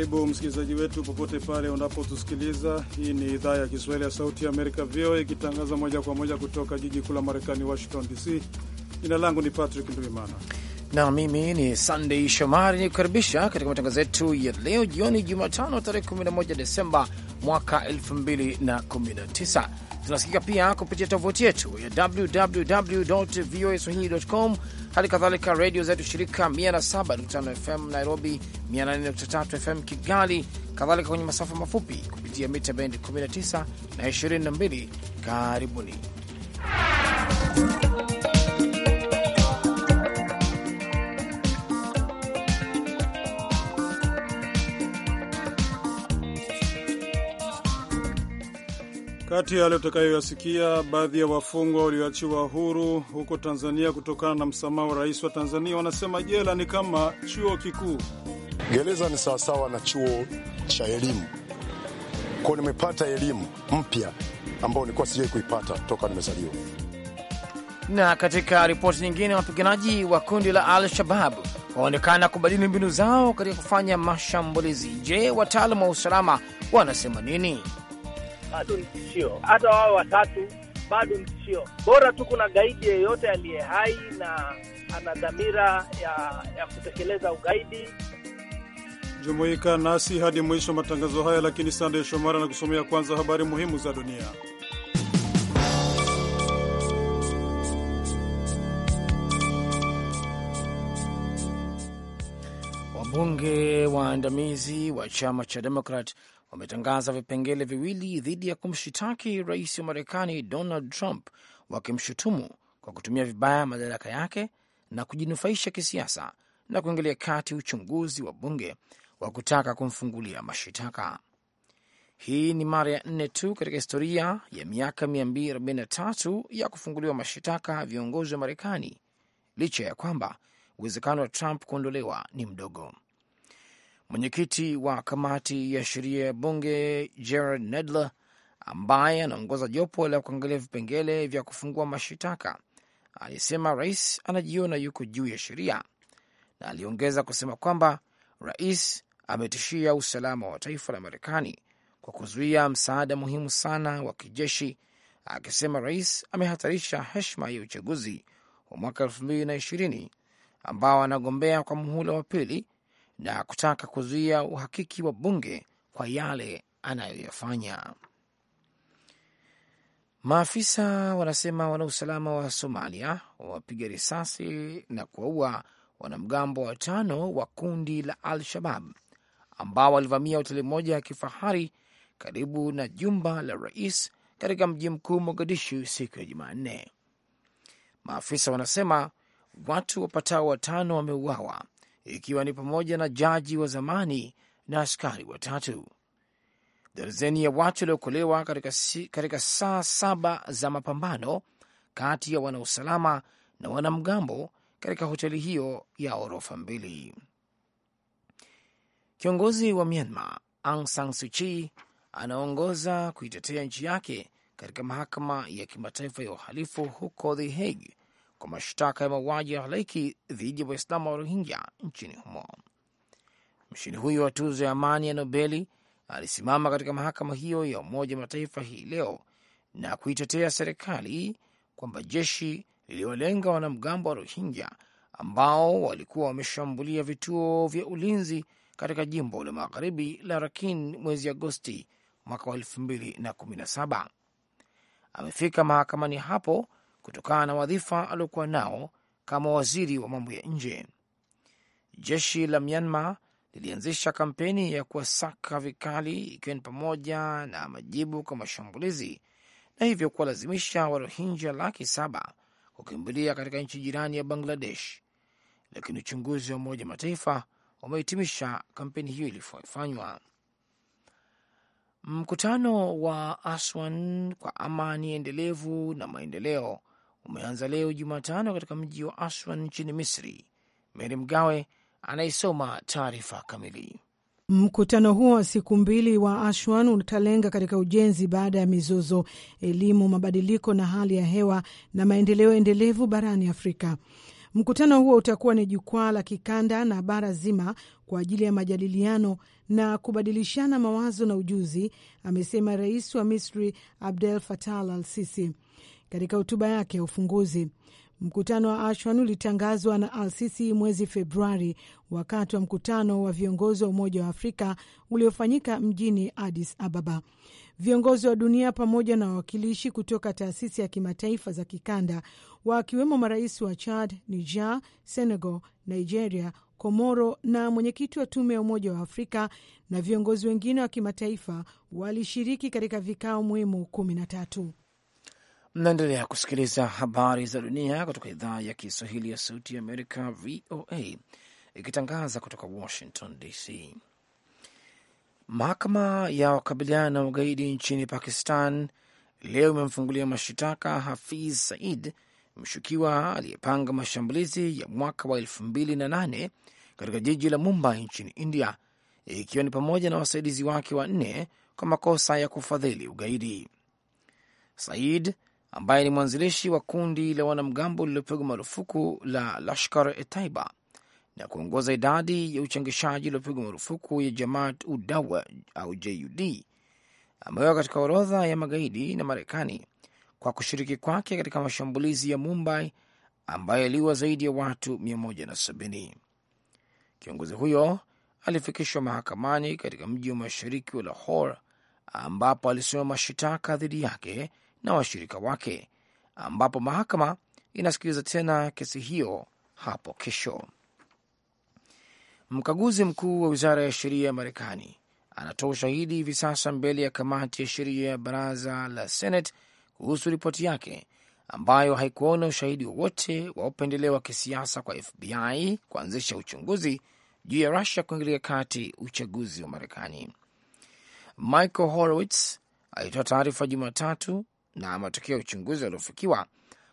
Karibu msikilizaji wetu popote pale unapotusikiliza. Hii ni idhaa ya Kiswahili ya Sauti ya Amerika, VOA, ikitangaza moja kwa moja kutoka jiji kuu la Marekani, Washington DC. Jina langu ni Patrick Ndwimana na mimi ni Sandey Shomari, ni kukaribisha katika matangazo yetu ya leo jioni, Jumatano tarehe 11 Desemba mwaka 2019. Tunasikika pia kupitia tovuti yetu ya www voa swahili.com, hali kadhalika redio zetu shirika 107.5 FM Nairobi, 104.3 FM Kigali, kadhalika kwenye masafa mafupi kupitia mita bendi 19 na 22. Karibuni. Kati ya yale utakayoyasikia, baadhi ya wafungwa walioachiwa huru huko Tanzania kutokana na msamaha wa rais wa Tanzania wanasema jela ni kama chuo kikuu. Gereza ni sawasawa na chuo cha elimu kwao. Nimepata elimu mpya ambayo nilikuwa sijawahi kuipata toka nimezaliwa. Na katika ripoti nyingine, wapiganaji wa kundi la Al Shabab waonekana kubadili mbinu zao katika kufanya mashambulizi. Je, wataalamu wa usalama wanasema nini? bado ni tishio. Hata wao watatu bado ni tishio. Bora tu kuna gaidi yeyote aliye hai na ana dhamira ya, ya kutekeleza ugaidi. Jumuika nasi hadi mwisho matangazo haya, lakini Sandey Shomara anakusomea kwanza habari muhimu za dunia. Wabunge waandamizi wa chama cha Demokrat wametangaza vipengele viwili dhidi ya kumshitaki rais wa Marekani Donald Trump, wakimshutumu kwa kutumia vibaya madaraka yake na kujinufaisha kisiasa na kuingilia kati uchunguzi wa bunge wa kutaka kumfungulia mashitaka. Hii ni mara ya nne tu katika historia ya miaka 243 ya kufunguliwa mashitaka viongozi wa Marekani, licha ya kwamba uwezekano wa Trump kuondolewa ni mdogo. Mwenyekiti wa kamati ya sheria ya bunge Gerard Nedler, ambaye anaongoza jopo la kuangalia vipengele vya kufungua mashitaka, alisema rais anajiona yuko juu ya sheria, na aliongeza kusema kwamba rais ametishia usalama wa taifa la Marekani kwa kuzuia msaada muhimu sana wa kijeshi, akisema rais amehatarisha heshima ya uchaguzi wa mwaka 2020 ambao anagombea kwa muhula wa pili na kutaka kuzuia uhakiki wa bunge kwa yale anayoyafanya. Maafisa wanasema wanausalama wa Somalia wawapiga risasi na kuwaua wanamgambo watano wa kundi la Al-Shabab ambao walivamia hoteli moja ya kifahari karibu na jumba la rais katika mji mkuu Mogadishu siku ya Jumanne. Maafisa wanasema watu wapatao watano wameuawa ikiwa ni pamoja na jaji wa zamani na askari watatu. Darzeni ya watu waliokolewa katika, si, katika saa saba za mapambano kati ya wanausalama na wanamgambo katika hoteli hiyo ya ghorofa mbili. Kiongozi wa Myanmar Aung San Suu Kyi anaongoza kuitetea nchi yake katika mahakama ya kimataifa ya uhalifu huko The Hague kwa mashtaka ya mauaji ya halaiki dhidi ya Waislamu wa Rohingya nchini humo. Mshindi huyo wa tuzo ya amani ya Nobeli alisimama katika mahakama hiyo ya Umoja wa Mataifa hii leo na kuitetea serikali kwamba jeshi liliolenga wanamgambo wa Rohingya ambao walikuwa wameshambulia vituo vya ulinzi katika jimbo la magharibi la Rakhine mwezi Agosti mwaka wa 2017. Amefika mahakamani hapo kutokana na wadhifa aliokuwa nao kama waziri wa mambo ya nje. Jeshi la Myanmar lilianzisha kampeni ya kuwasaka vikali, ikiwa ni pamoja na majibu kwa mashambulizi na hivyo kuwalazimisha Warohinja laki saba kukimbilia katika nchi jirani ya Bangladesh, lakini uchunguzi wa Umoja Mataifa wamehitimisha kampeni hiyo ilivyofanywa Mkutano wa Aswan kwa amani endelevu na maendeleo umeanza leo Jumatano katika mji wa Aswan nchini Misri. Meri Mgawe anaisoma taarifa kamili. Mkutano huo wa siku mbili wa Ashwan utalenga katika ujenzi baada ya mizozo, elimu, mabadiliko na hali ya hewa na maendeleo endelevu barani Afrika. Mkutano huo utakuwa ni jukwaa la kikanda na bara zima kwa ajili ya majadiliano na kubadilishana mawazo na ujuzi, amesema rais wa Misri Abdel Fattah al-Sisi katika hotuba yake ya ufunguzi. Mkutano wa Ashwan ulitangazwa na al mwezi Februari wakati wa mkutano wa viongozi wa Umoja wa Afrika uliofanyika mjini Addis Ababa. Viongozi wa dunia pamoja na wawakilishi kutoka taasisi ya kimataifa za kikanda wakiwemo marais wa Chad, Niger, Senegal, Nigeria, Komoro na mwenyekiti wa tume ya Umoja wa Afrika na viongozi wengine wa kimataifa walishiriki katika vikao muhimu kumi na tatu. Mnaendelea kusikiliza habari za dunia kutoka idhaa ya Kiswahili ya Sauti ya Amerika, VOA, ikitangaza kutoka Washington DC. Mahakama ya wakabiliana na ugaidi nchini Pakistan leo imemfungulia mashitaka Hafiz Said, mshukiwa aliyepanga mashambulizi ya mwaka wa elfu mbili na nane katika jiji la Mumbai nchini India, ikiwa ni pamoja na wasaidizi wake wanne kwa makosa ya kufadhili ugaidi. Said ambaye ni mwanzilishi wa kundi la wanamgambo lililopigwa marufuku la Lashkar etaiba na kuongoza idadi ya uchangishaji uliopigwa marufuku ya Jamaat Udawa au JUD amewekwa katika orodha ya magaidi na Marekani kwa kushiriki kwake katika mashambulizi ya Mumbai ambayo aliwa zaidi ya watu 170. Kiongozi huyo alifikishwa mahakamani katika mji wa mashariki wa Lahore ambapo alisoma mashitaka dhidi yake na washirika wake, ambapo mahakama inasikiliza tena kesi hiyo hapo kesho. Mkaguzi mkuu wa wizara ya sheria ya Marekani anatoa ushahidi hivi sasa mbele ya kamati ya sheria ya baraza la Senate kuhusu ripoti yake ambayo haikuona ushahidi wowote wa upendeleo wa kisiasa kwa FBI kuanzisha uchunguzi juu ya Rusia kuingilia kati uchaguzi wa Marekani. Michael Horowitz alitoa taarifa Jumatatu na matokeo ya uchunguzi yaliyofikiwa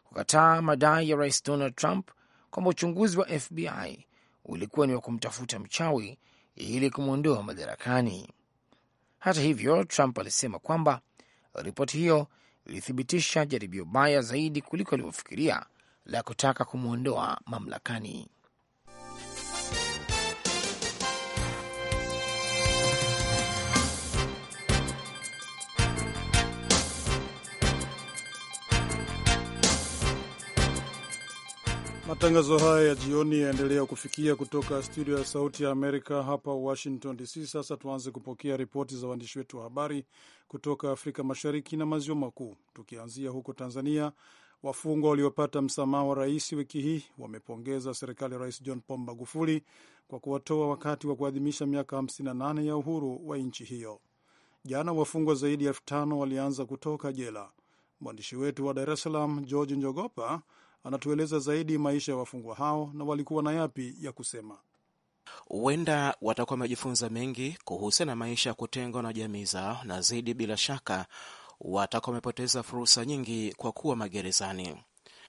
kukataa madai ya rais Donald Trump kwamba uchunguzi wa FBI ulikuwa ni wa kumtafuta mchawi ili kumwondoa madarakani. Hata hivyo, Trump alisema kwamba ripoti hiyo ilithibitisha jaribio baya zaidi kuliko alivyofikiria la kutaka kumwondoa mamlakani. Matangazo haya ya jioni yaendelea kufikia kutoka studio ya Sauti ya Amerika hapa Washington DC. Sasa tuanze kupokea ripoti za waandishi wetu wa habari kutoka Afrika Mashariki na Maziwa Makuu, tukianzia huko Tanzania. Wafungwa waliopata msamaha wa rais wiki hii wamepongeza serikali ya Rais John Pombe Magufuli kwa kuwatoa wakati wa kuadhimisha miaka 58 ya uhuru wa nchi hiyo. Jana wafungwa zaidi ya elfu tano walianza kutoka jela. Mwandishi wetu wa Dar es Salaam George Njogopa anatueleza zaidi maisha ya wafungwa hao na walikuwa na yapi ya kusema. Huenda watakuwa wamejifunza mengi kuhusiana na maisha ya kutengwa na jamii zao, na zaidi, bila shaka, watakuwa wamepoteza fursa nyingi kwa kuwa magerezani.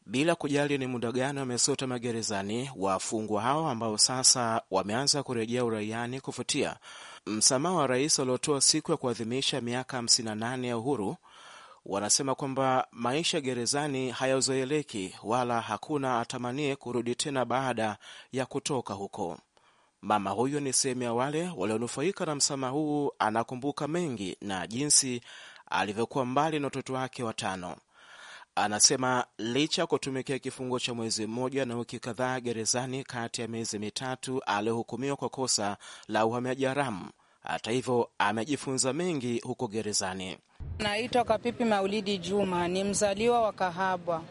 Bila kujali ni muda gani wamesota magerezani, wafungwa hao ambao sasa wameanza kurejea uraiani kufuatia msamaha wa rais aliotoa siku ya kuadhimisha miaka 58 ya uhuru wanasema kwamba maisha gerezani hayazoeleki wala hakuna atamanie kurudi tena baada ya kutoka huko. Mama huyo ni sehemu ya wale walionufaika na msamaha huu. Anakumbuka mengi na jinsi alivyokuwa mbali na watoto wake watano. Anasema licha ya kutumikia kifungo cha mwezi mmoja na wiki kadhaa gerezani kati ya miezi mitatu aliyohukumiwa kwa kosa la uhamiaji haramu, hata hivyo amejifunza mengi huko gerezani. Naitwa Kapipi Maulidi Juma, ni mzaliwa wa Kahabwa.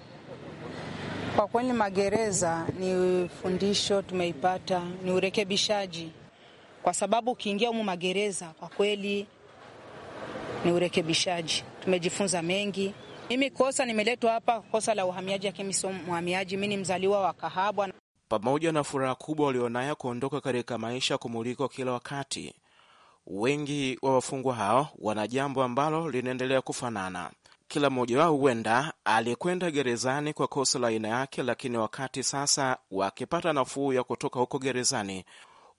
Kwa kweli magereza ni fundisho tumeipata, ni urekebishaji, kwa sababu ukiingia humu magereza kwa kweli ni urekebishaji, tumejifunza mengi. Mimi kosa nimeletwa hapa, kosa la uhamiaji, lakini sio mhamiaji. Mi ni mzaliwa wa Kahabwa. Pamoja na furaha kubwa walionayo kuondoka katika maisha kumulikwa kila wakati Wengi wa wafungwa hao wana jambo ambalo linaendelea kufanana. Kila mmoja wao huenda alikwenda gerezani kwa kosa la aina yake, lakini wakati sasa wakipata nafuu ya kutoka huko gerezani,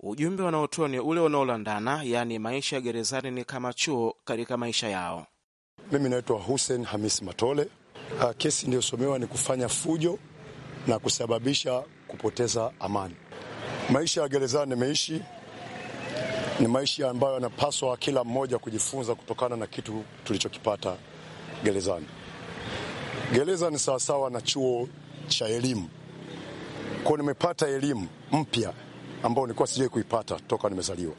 ujumbe wanaotoa ni ule unaolandana, yaani maisha ya gerezani ni kama chuo katika maisha yao. Mimi naitwa Hussein Hamis Matole. Ah, kesi iliyosomewa ni kufanya fujo na kusababisha kupoteza amani. Maisha ya gerezani nimeishi ni maisha ambayo yanapaswa kila mmoja kujifunza kutokana na kitu tulichokipata gerezani. Gereza ni sawasawa na chuo cha elimu. kwao. nimepata elimu mpya ambayo nilikuwa sijai kuipata toka nimezaliwa.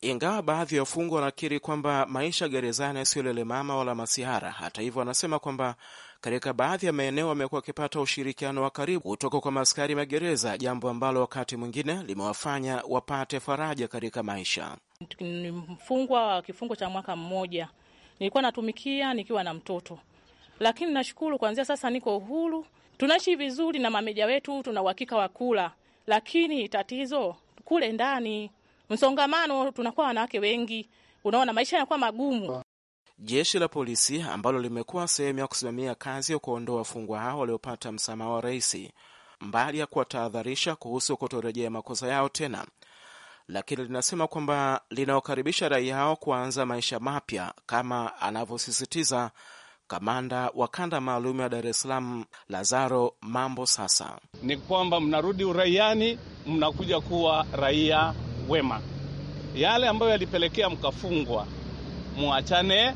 Ingawa baadhi ya wafungwa wanakiri kwamba maisha gerezani sio lelemama wala masihara, hata hivyo wanasema kwamba katika baadhi ya maeneo wamekuwa wakipata ushirikiano wa karibu kutoka kwa maskari magereza, jambo ambalo wakati mwingine limewafanya wapate faraja katika maisha. mfungwa wa kifungo cha mwaka mmoja nilikuwa natumikia nikiwa na mtoto, lakini nashukuru kuanzia sasa niko uhuru, tunaishi vizuri na mameja wetu, tuna uhakika wa kula. Lakini tatizo kule ndani, msongamano, tunakuwa wanawake wengi, unaona maisha yanakuwa magumu. Jeshi la polisi ambalo limekuwa sehemu ya kusimamia kazi ya kuondoa wafungwa hao waliopata msamaha wa rais, mbali ya kuwatahadharisha kuhusu kutorejea makosa yao tena, lakini linasema kwamba linaokaribisha raia hao kuanza maisha mapya, kama anavyosisitiza kamanda wa kanda maalum ya Dar es Salaam Lazaro Mambo. Sasa ni kwamba mnarudi uraiani, mnakuja kuwa raia wema. Yale ambayo yalipelekea mkafungwa, mwachane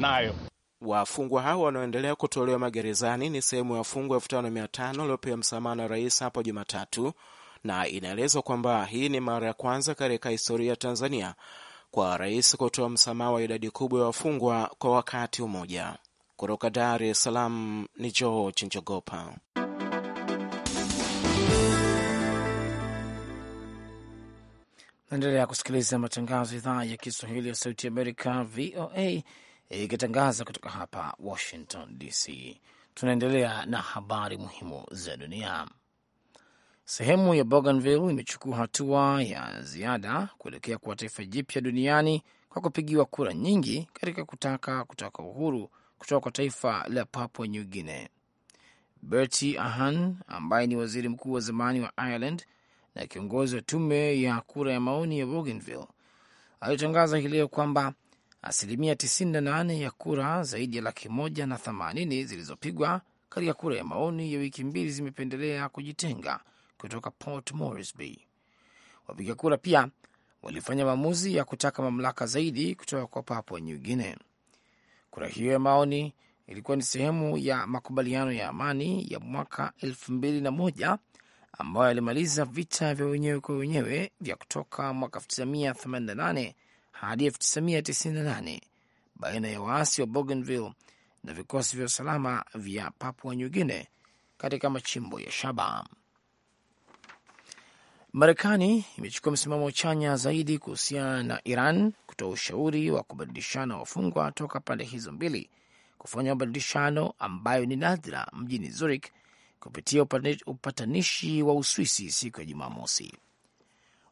nayo. Wafungwa hao wanaoendelea kutolewa magerezani ni sehemu ya wafungwa elfu tano mia tano waliopewa msamaha na rais hapo Jumatatu, na inaelezwa kwamba hii ni mara ya kwanza katika historia ya Tanzania kwa rais kutoa msamaha wa idadi kubwa ya wafungwa kwa wakati mmoja. Kutoka Dar es Salaam ni George Njogopa. Naendelea kusikiliza matangazo idhaa ya Kiswahili ya Sauti Amerika, VOA ikitangaza kutoka hapa Washington DC. Tunaendelea na habari muhimu za dunia. Sehemu ya Bougainville imechukua hatua ya ziada kuelekea kuwa taifa jipya duniani kwa kupigiwa kura nyingi katika kutaka kutaka uhuru kutoka kwa taifa la Papua New Guinea. Bertie Ahern ambaye ni waziri mkuu wa zamani wa Ireland na kiongozi wa tume ya kura ya maoni ya Bougainville alitangaza hii leo kwamba asilimia 98 ya kura zaidi ya laki moja na themanini zilizopigwa katika kura ya maoni ya wiki mbili zimependelea kujitenga kutoka Port Moresby. Wapiga kura pia walifanya maamuzi ya kutaka mamlaka zaidi kutoka kwa Papua New Guinea. Kura hiyo ya maoni ilikuwa ni sehemu ya makubaliano ya amani ya mwaka elfu mbili na moja ambayo yalimaliza vita vya wenyewe kwa wenyewe vya kutoka mwaka 1988 hadi 1998 baina ya waasi wa Bougainville na vikosi vya usalama vya Papua New Guinea katika machimbo ya shaba. Marekani imechukua msimamo chanya zaidi kuhusiana na Iran, kutoa ushauri wa kubadilishana wafungwa toka pande hizo mbili, kufanya mabadilishano ambayo ni nadra mjini Zurich kupitia upatanishi wa Uswisi siku ya Jumamosi.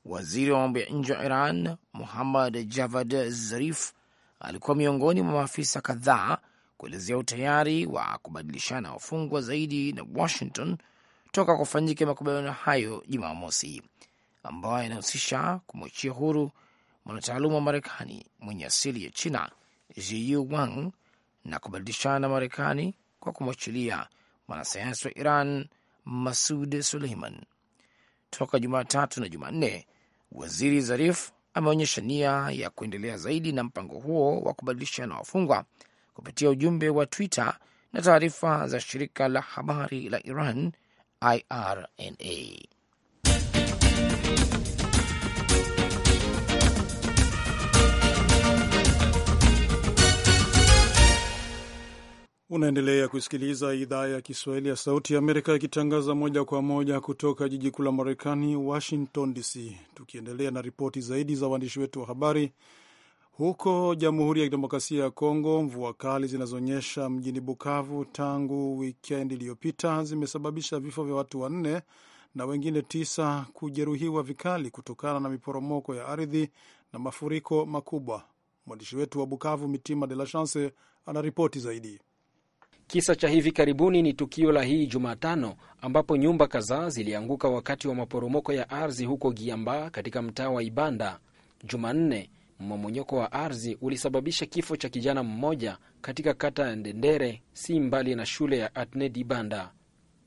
Waziri wa mambo ya nje wa Iran Muhammad Javad Zarif alikuwa miongoni mwa maafisa kadhaa kuelezea utayari wa kubadilishana wafungwa zaidi na Washington toka kufanyika makubaliano hayo Jumamosi, ambayo yanahusisha kumwachia huru mwanataaluma wa Marekani mwenye asili ya China Ziyu Wang na kubadilishana na Marekani kwa kumwachilia mwanasayansi wa Iran Masud Suleiman toka Jumatatu na Jumanne, waziri Zarif ameonyesha nia ya kuendelea zaidi na mpango huo wa kubadilishana wafungwa kupitia ujumbe wa Twitter na taarifa za shirika la habari la Iran, IRNA. Unaendelea kusikiliza idhaa ya Kiswahili ya Sauti ya Amerika ikitangaza moja kwa moja kutoka jiji kuu la Marekani, Washington DC. Tukiendelea na ripoti zaidi za waandishi wetu wa habari, huko Jamhuri ya Kidemokrasia ya Kongo, mvua kali zinazoonyesha mjini Bukavu tangu wikendi iliyopita zimesababisha vifo vya watu wanne na wengine tisa kujeruhiwa vikali kutokana na miporomoko ya ardhi na mafuriko makubwa. Mwandishi wetu wa Bukavu, Mitima De La Chance, ripoti zaidi. Kisa cha hivi karibuni ni tukio la hii Jumatano ambapo nyumba kadhaa zilianguka wakati wa maporomoko ya ardhi huko Giamba katika mtaa wa Ibanda. Jumanne, mmomonyoko wa ardhi ulisababisha kifo cha kijana mmoja katika kata ya Ndendere si mbali na shule ya Atned Ibanda.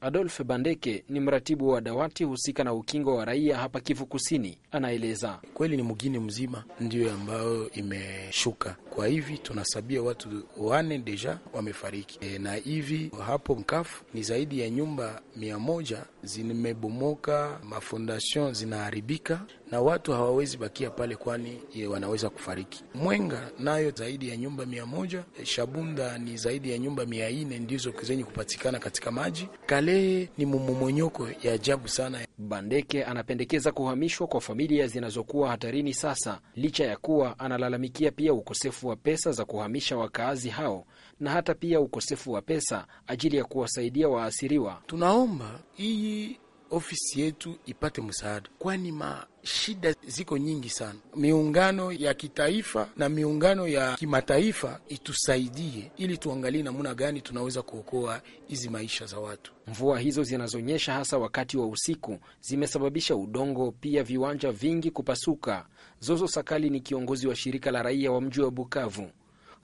Adolf Bandeke ni mratibu wa dawati husika na ukingo wa raia hapa Kivu Kusini, anaeleza. Kweli ni mgini mzima ndiyo ambayo imeshuka kwa hivi, tunasabia watu wane deja wamefariki e, na hivi hapo Mkafu ni zaidi ya nyumba mia moja zimebomoka, mafondation zinaharibika na watu hawawezi bakia pale, kwani e, wanaweza kufariki. Mwenga nayo zaidi ya nyumba mia moja, e, Shabunda ni zaidi ya nyumba mia nne ndizo zenye kupatikana katika maji. Kalehe ni mmomonyoko ya ajabu sana. Bandeke anapendekeza kuhamishwa kwa familia zinazokuwa hatarini sasa, licha ya kuwa analalamikia pia ukosefu wa pesa za kuhamisha wakaazi hao na hata pia ukosefu wa pesa ajili ya kuwasaidia waasiriwa. Tunaomba hii ofisi yetu ipate msaada, kwani mashida ziko nyingi sana. Miungano ya kitaifa na miungano ya kimataifa itusaidie, ili tuangalie namna gani tunaweza kuokoa hizi maisha za watu. Mvua hizo zinazonyesha hasa wakati wa usiku zimesababisha udongo, pia viwanja vingi kupasuka. Zozo Sakali ni kiongozi wa shirika la raia wa mji wa Bukavu,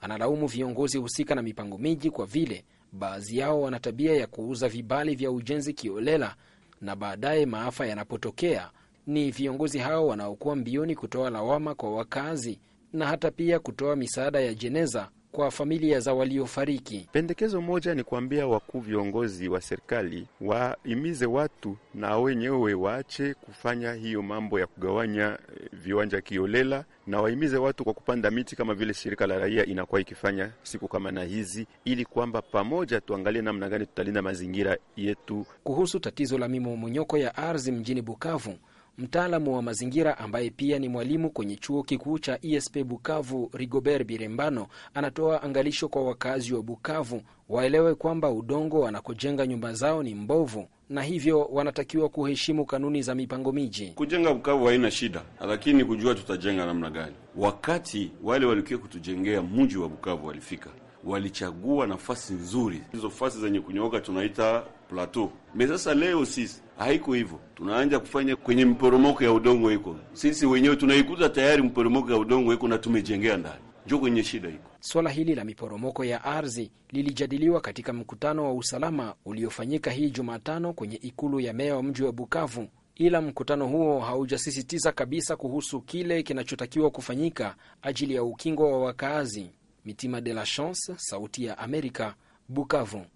analaumu viongozi husika na mipango miji kwa vile baadhi yao wana tabia ya kuuza vibali vya ujenzi kiolela na baadaye maafa yanapotokea, ni viongozi hao wanaokuwa mbioni kutoa lawama kwa wakazi na hata pia kutoa misaada ya jeneza kwa familia za waliofariki. Pendekezo moja ni kuambia wakuu viongozi wa serikali waimize watu na wenyewe waache kufanya hiyo mambo ya kugawanya eh, viwanja kiolela, na wahimize watu kwa kupanda miti kama vile shirika la raia inakuwa ikifanya siku kama na hizi, ili kwamba pamoja tuangalie namna gani tutalinda mazingira yetu. Kuhusu tatizo la mimomonyoko ya ardhi mjini Bukavu Mtaalamu wa mazingira ambaye pia ni mwalimu kwenye chuo kikuu cha ESP Bukavu, Rigobert Birembano, anatoa angalisho kwa wakazi wa Bukavu waelewe kwamba udongo wanakojenga nyumba zao ni mbovu na hivyo wanatakiwa kuheshimu kanuni za mipango miji. Kujenga Bukavu haina shida, lakini kujua tutajenga namna gani, wakati wale waliokuwa kutujengea mji wa Bukavu walifika walichagua nafasi nzuri, hizo fasi zenye kunyooka tunaita plateau. Me sasa leo sisi haiko hivyo, tunaanja kufanya kwenye mporomoko ya udongo iko, sisi wenyewe tunaikuta tayari mporomoko ya udongo iko na tumejengea ndani, njo kwenye shida iko. Swala hili la miporomoko ya ardhi lilijadiliwa katika mkutano wa usalama uliofanyika hii Jumatano kwenye ikulu ya meya wa mji wa Bukavu, ila mkutano huo haujasisitiza kabisa kuhusu kile kinachotakiwa kufanyika ajili ya ukingo wa wakaazi. Mitima de la Chance, Sauti ya Amerika, Bukavu.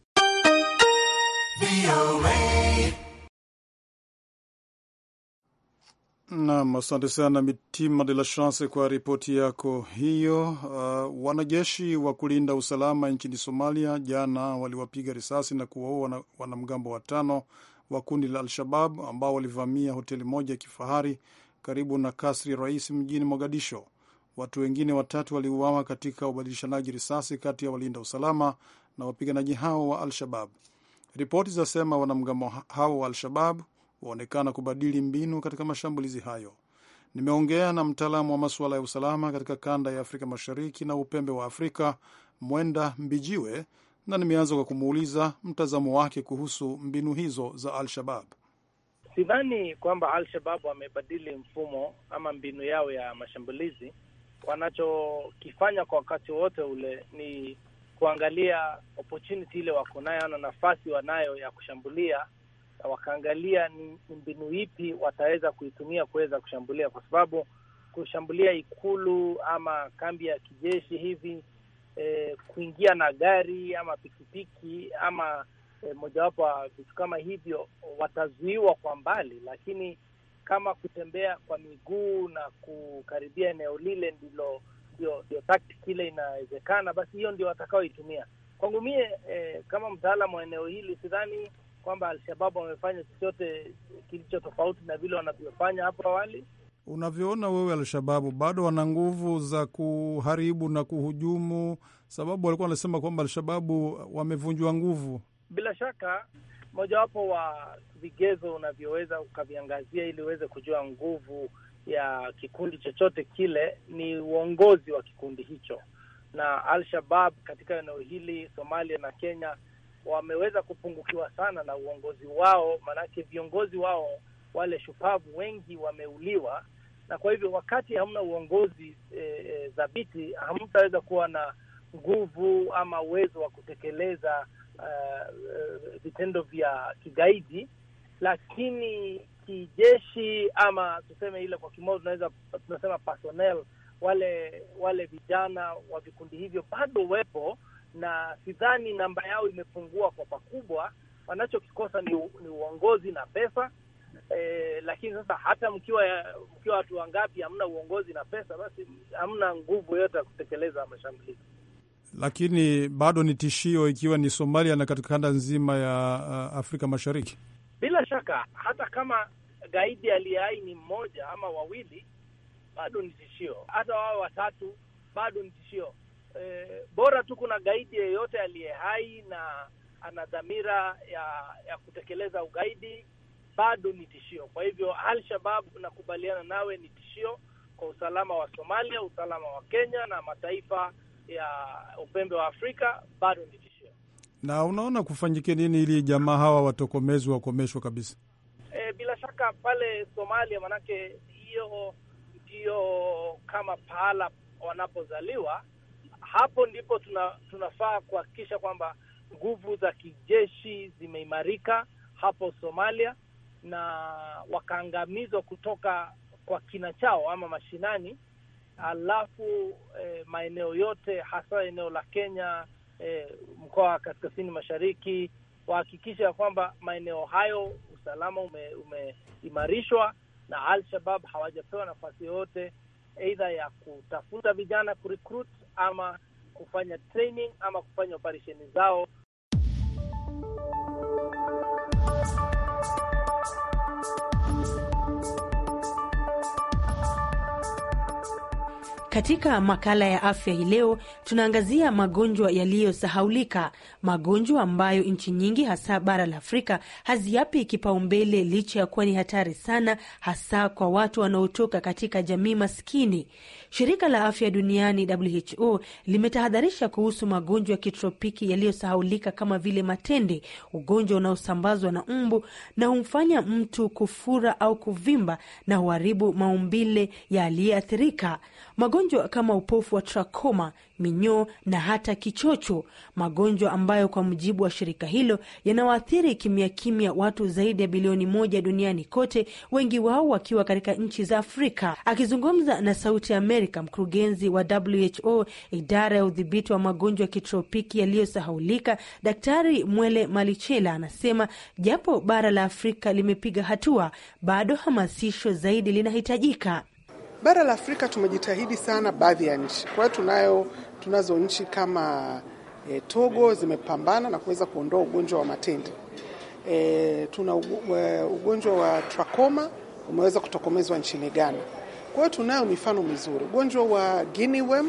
Nam, asante sana Mitima de la Chance kwa ripoti yako hiyo. Uh, wanajeshi wa kulinda usalama nchini Somalia jana waliwapiga risasi na kuwaua wanamgambo watano wa kundi la Al-Shabab ambao walivamia hoteli moja ya kifahari karibu na kasri rais mjini Mogadisho. Watu wengine watatu waliuawa katika ubadilishanaji risasi kati ya walinda usalama na wapiganaji hao wa Al-Shabab. Ripoti zinasema wanamgambo hao wa Al-Shabab waonekana kubadili mbinu katika mashambulizi hayo. Nimeongea na mtaalamu wa masuala ya usalama katika kanda ya Afrika Mashariki na upembe wa Afrika, Mwenda Mbijiwe, na nimeanza kwa kumuuliza mtazamo wake kuhusu mbinu hizo za Al-Shabab. Sidhani kwamba Al-Shabab wamebadili mfumo ama mbinu yao ya mashambulizi, wanachokifanya kwa wakati wote ule ni kuangalia opportunity ile wako nayo na nafasi wanayo ya kushambulia, na wakaangalia ni mbinu ipi wataweza kuitumia kuweza kushambulia, kwa sababu kushambulia ikulu ama kambi ya kijeshi hivi eh, kuingia na gari ama pikipiki ama eh, mojawapo wa vitu kama hivyo, watazuiwa kwa mbali, lakini kama kutembea kwa miguu na kukaribia eneo lile ndilo ndio taktiki ile inawezekana, basi hiyo ndio watakaoitumia. Kwangu mie eh, kama mtaalam wa eneo hili sidhani kwamba Alshababu wamefanya chochote kilicho tofauti na vile wanavyofanya hapo awali. Unavyoona wewe, Alshababu bado wana nguvu za kuharibu na kuhujumu, sababu walikuwa wanasema kwamba Alshababu wamevunjwa nguvu. Bila shaka mojawapo wa vigezo unavyoweza ukaviangazia ili uweze kujua nguvu ya kikundi chochote kile ni uongozi wa kikundi hicho. Na Al-Shabab katika eneo hili Somalia na Kenya wameweza kupungukiwa sana na uongozi wao, maanake viongozi wao wale shupavu wengi wameuliwa, na kwa hivyo wakati hamna uongozi dhabiti e, e hamtaweza kuwa na nguvu ama uwezo wa kutekeleza Uh, uh, vitendo uh, vya kigaidi, lakini kijeshi ama tuseme ile kwa kimao tunaweza tunasema personnel, wale wale vijana wa vikundi hivyo bado wepo, na sidhani namba yao imepungua kwa pakubwa. Wanachokikosa ni, ni uongozi na pesa eh, lakini sasa hata mkiwa mkiwa watu wangapi, hamna uongozi na pesa, basi hamna nguvu yoyote ya kutekeleza mashambulizi lakini bado ni tishio, ikiwa ni Somalia na katika kanda nzima ya uh, Afrika Mashariki. Bila shaka, hata kama gaidi aliyeai ni mmoja ama wawili, bado ni tishio. Hata wao watatu, bado ni tishio. E, bora tu kuna gaidi yeyote aliye hai na ana dhamira ya, ya kutekeleza ugaidi, bado ni tishio. Kwa hivyo Al-Shabab, nakubaliana nawe, ni tishio kwa usalama wa Somalia, usalama wa Kenya na mataifa ya upembe wa Afrika bado ni tishio. Na unaona kufanyike nini ili jamaa hawa watokomezwe, wakomeshwe kabisa? E, bila shaka pale Somalia, manake hiyo ndio kama pahala wanapozaliwa. Hapo ndipo tuna, tunafaa kuhakikisha kwamba nguvu za kijeshi zimeimarika hapo Somalia na wakaangamizwa kutoka kwa kina chao ama mashinani alafu eh, maeneo yote hasa eneo la Kenya eh, mkoa wa kaskazini mashariki wahakikisha ya kwamba maeneo hayo usalama umeimarishwa ume na Al-Shabab hawajapewa nafasi yoyote aidha ya kutafuta vijana kurecruit ama kufanya training ama kufanya operesheni zao Katika makala ya afya hii leo tunaangazia magonjwa yaliyosahaulika, magonjwa ambayo nchi nyingi hasa bara la Afrika haziyapi kipaumbele licha ya kuwa ni hatari sana, hasa kwa watu wanaotoka katika jamii maskini. Shirika la Afya Duniani WHO limetahadharisha kuhusu magonjwa ya kitropiki yaliyosahaulika kama vile matende, ugonjwa unaosambazwa na mbu na humfanya mtu kufura au kuvimba na huharibu maumbile yaliyeathirika. Magonjwa magonjwa kama upofu wa trakoma, minyoo na hata kichocho, magonjwa ambayo kwa mujibu wa shirika hilo yanawaathiri kimya kimya watu zaidi ya bilioni moja duniani kote, wengi wao wakiwa katika nchi za Afrika. Akizungumza na Sauti ya Amerika, mkurugenzi wa WHO idara ya udhibiti wa magonjwa ya kitropiki yaliyosahaulika, Daktari Mwele Malichela anasema japo bara la Afrika limepiga hatua, bado hamasisho zaidi linahitajika. Bara la Afrika tumejitahidi sana, baadhi ya nchi. Kwa hiyo tunayo tunazo nchi kama e, Togo zimepambana na kuweza kuondoa ugonjwa wa matende. E, tuna ugonjwa wa trakoma umeweza kutokomezwa nchini Ghana. Kwa hiyo tunayo mifano mizuri. Ugonjwa wa guinea worm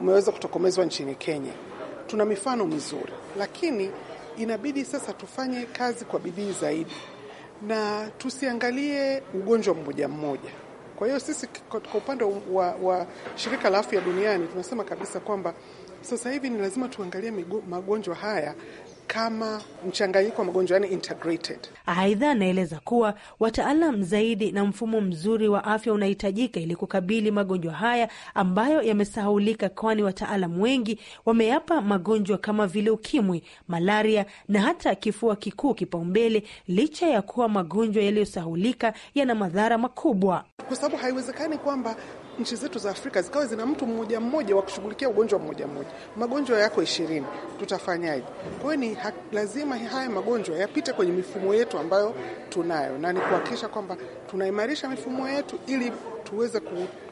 umeweza kutokomezwa nchini Kenya. Tuna mifano mizuri, lakini inabidi sasa tufanye kazi kwa bidii zaidi na tusiangalie ugonjwa mmoja mmoja. Kwa hiyo sisi kwa upande wa, wa shirika la afya duniani tunasema kabisa kwamba sasa hivi ni lazima tuangalie magonjwa haya kama mchanganyiko wa magonjwa yani integrated. Aidha, anaeleza kuwa wataalam zaidi na mfumo mzuri wa afya unahitajika ili kukabili magonjwa haya ambayo yamesahaulika, kwani wataalam wengi wameyapa magonjwa kama vile ukimwi, malaria na hata kifua kikuu kipaumbele, licha ya kuwa magonjwa yaliyosahulika yana madhara makubwa, kwa sababu haiwezekani kwamba nchi zetu za Afrika zikawa zina mtu mmoja mmoja wa kushughulikia ugonjwa mmoja mmoja. Magonjwa yako ishirini, tutafanyaje? Kwa hiyo ni ha lazima haya magonjwa yapite kwenye mifumo yetu ambayo tunayo, na ni kuhakikisha kwamba tunaimarisha mifumo yetu ili tuweze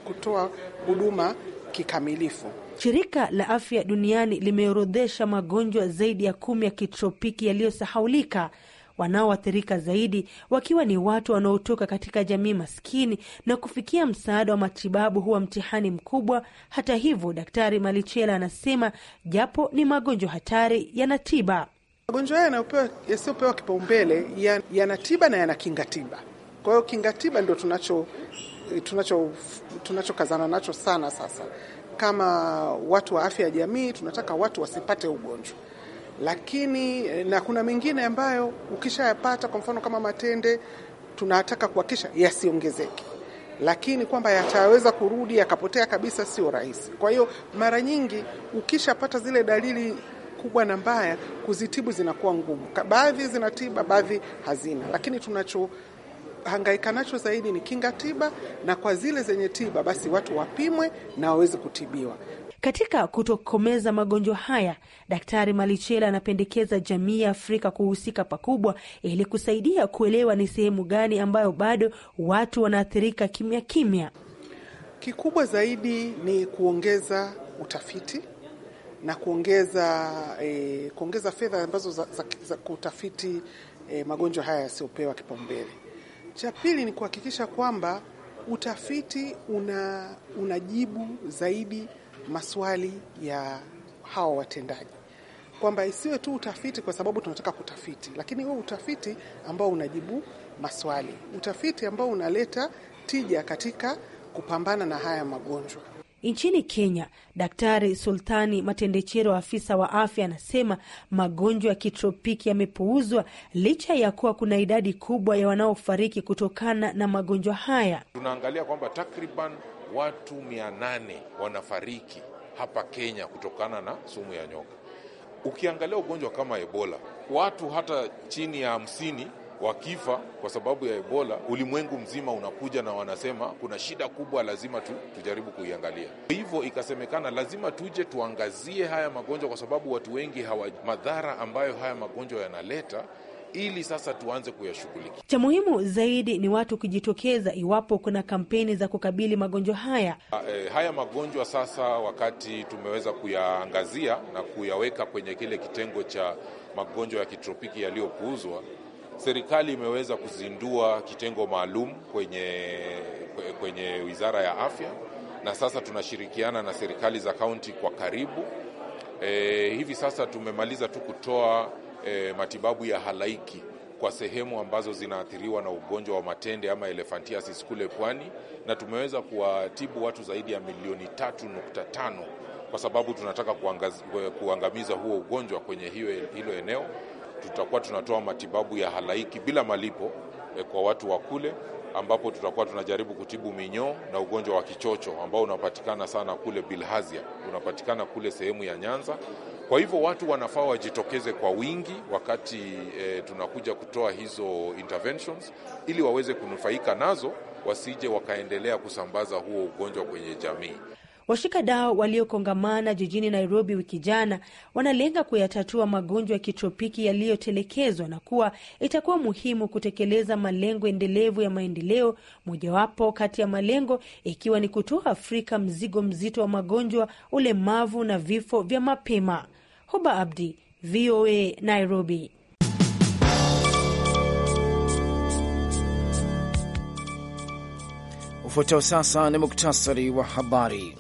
kutoa huduma kikamilifu. Shirika la Afya Duniani limeorodhesha magonjwa zaidi ya kumi ya kitropiki yaliyosahaulika wanaoathirika zaidi wakiwa ni watu wanaotoka katika jamii maskini, na kufikia msaada wa matibabu huwa mtihani mkubwa. Hata hivyo, Daktari Malichela anasema japo ni magonjwa hatari, yana tiba. Magonjwa haya yasiyopewa kipaumbele yana tiba na yana kingatiba. Kwa hiyo tiba ndio tunacho tunachokazana tunacho nacho sana sasa. Kama watu wa afya ya jamii, tunataka watu wasipate ugonjwa lakini eh, na kuna mengine ambayo ukishayapata, kwa mfano kama matende, tunataka kuhakikisha yasiongezeke, lakini kwamba yataweza kurudi yakapotea kabisa, sio rahisi. Kwa hiyo mara nyingi ukishapata zile dalili kubwa na mbaya, kuzitibu zinakuwa ngumu. Baadhi zinatiba, baadhi hazina, lakini tunacho hangaika nacho zaidi ni kinga tiba, na kwa zile zenye tiba basi watu wapimwe na waweze kutibiwa. Katika kutokomeza magonjwa haya, Daktari Malichela anapendekeza jamii ya Afrika kuhusika pakubwa ili kusaidia kuelewa ni sehemu gani ambayo bado watu wanaathirika kimya kimya. Kikubwa zaidi ni kuongeza utafiti na kuongeza eh, kuongeza fedha ambazo za, za, za kutafiti eh, magonjwa haya yasiyopewa kipaumbele. Cha pili ni kuhakikisha kwamba utafiti una, unajibu zaidi maswali ya hawa watendaji kwamba isiwe tu utafiti kwa sababu tunataka kutafiti, lakini huo utafiti ambao unajibu maswali, utafiti ambao unaleta tija katika kupambana na haya magonjwa. Nchini Kenya, Daktari Sultani Matendechero, afisa wa afya, anasema magonjwa ya kitropiki yamepuuzwa licha ya kuwa kuna idadi kubwa ya wanaofariki kutokana na magonjwa haya. Tunaangalia kwamba takriban watu mia nane wanafariki hapa Kenya kutokana na sumu ya nyoka. Ukiangalia ugonjwa kama Ebola, watu hata chini ya hamsini wakifa kwa sababu ya Ebola, ulimwengu mzima unakuja na wanasema kuna shida kubwa, lazima tu, tujaribu kuiangalia. Hivyo ikasemekana lazima tuje tuangazie haya magonjwa, kwa sababu watu wengi hawa madhara ambayo haya magonjwa yanaleta ili sasa tuanze kuyashughulikia. Cha muhimu zaidi ni watu kujitokeza iwapo kuna kampeni za kukabili magonjwa haya. E, haya magonjwa sasa, wakati tumeweza kuyaangazia na kuyaweka kwenye kile kitengo cha magonjwa ya kitropiki yaliyopuuzwa, serikali imeweza kuzindua kitengo maalum kwenye, kwenye wizara ya afya, na sasa tunashirikiana na serikali za kaunti kwa karibu. E, hivi sasa tumemaliza tu kutoa e, matibabu ya halaiki kwa sehemu ambazo zinaathiriwa na ugonjwa wa matende ama elephantiasis kule pwani, na tumeweza kuwatibu watu zaidi ya milioni tano kwa sababu tunataka kuangaz, kuangamiza huo ugonjwa kwenye hiyo, hilo eneo. Tutakuwa tunatoa matibabu ya halaiki bila malipo e, kwa watu wa kule ambapo tutakuwa tunajaribu kutibu minyoo na ugonjwa wa kichocho ambao unapatikana sana kule Bilhazia, unapatikana kule sehemu ya Nyanza. Kwa hivyo watu wanafaa wajitokeze kwa wingi wakati e, tunakuja kutoa hizo interventions ili waweze kunufaika nazo, wasije wakaendelea kusambaza huo ugonjwa kwenye jamii. Washikadau waliokongamana jijini Nairobi wiki jana wanalenga kuyatatua magonjwa ya kitropiki yaliyotelekezwa na kuwa itakuwa muhimu kutekeleza malengo endelevu ya maendeleo, mojawapo kati ya malengo ikiwa ni kutoa Afrika mzigo mzito wa magonjwa, ulemavu na vifo vya mapema. Hoba Abdi, VOA Nairobi. Ufuatao sasa ni muktasari wa habari.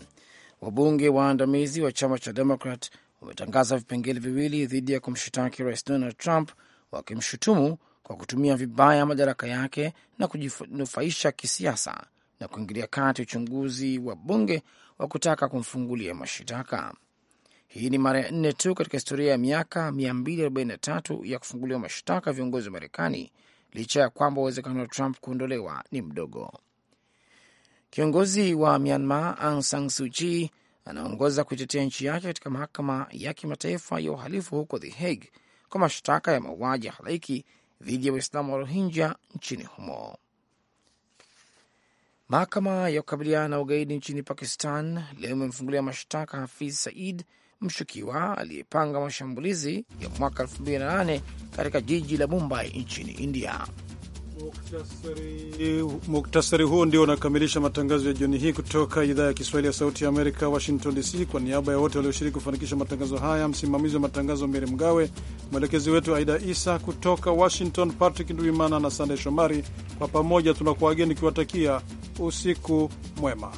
Wabunge waandamizi wa chama cha Demokrat wametangaza vipengele viwili dhidi ya kumshitaki rais Donald Trump, wakimshutumu kwa kutumia vibaya madaraka yake na kujinufaisha kisiasa na kuingilia kati uchunguzi wa bunge wa kutaka kumfungulia mashitaka. Hii ni mara ya nne tu katika historia ya miaka 243 ya kufunguliwa mashtaka viongozi wa Marekani, licha ya kwamba uwezekano wa Trump kuondolewa ni mdogo. Kiongozi wa Myanmar Aung San Suu Kyi anaongoza kuitetea nchi yake katika mahakama ya kimataifa ya uhalifu huko The Hague kwa mashtaka ya mauaji ya halaiki dhidi ya Waislamu wa Rohingya nchini humo. Mahakama ya kukabiliana na ugaidi nchini Pakistan leo imemfungulia mashtaka Hafiz Said mshukiwa aliyepanga mashambulizi ya mwaka 2008 katika jiji la Mumbai nchini India. Muktasari huo ndio unakamilisha matangazo ya jioni hii kutoka idhaa ya Kiswahili ya Sauti ya Amerika, Washington DC. Kwa niaba ya wote walioshiriki kufanikisha matangazo haya, msimamizi wa matangazo Meri Mgawe, mwelekezi wetu Aida Isa kutoka Washington, Patrick Nduimana na Sandey Shomari, kwa pamoja tunakuageni nikiwatakia usiku mwema.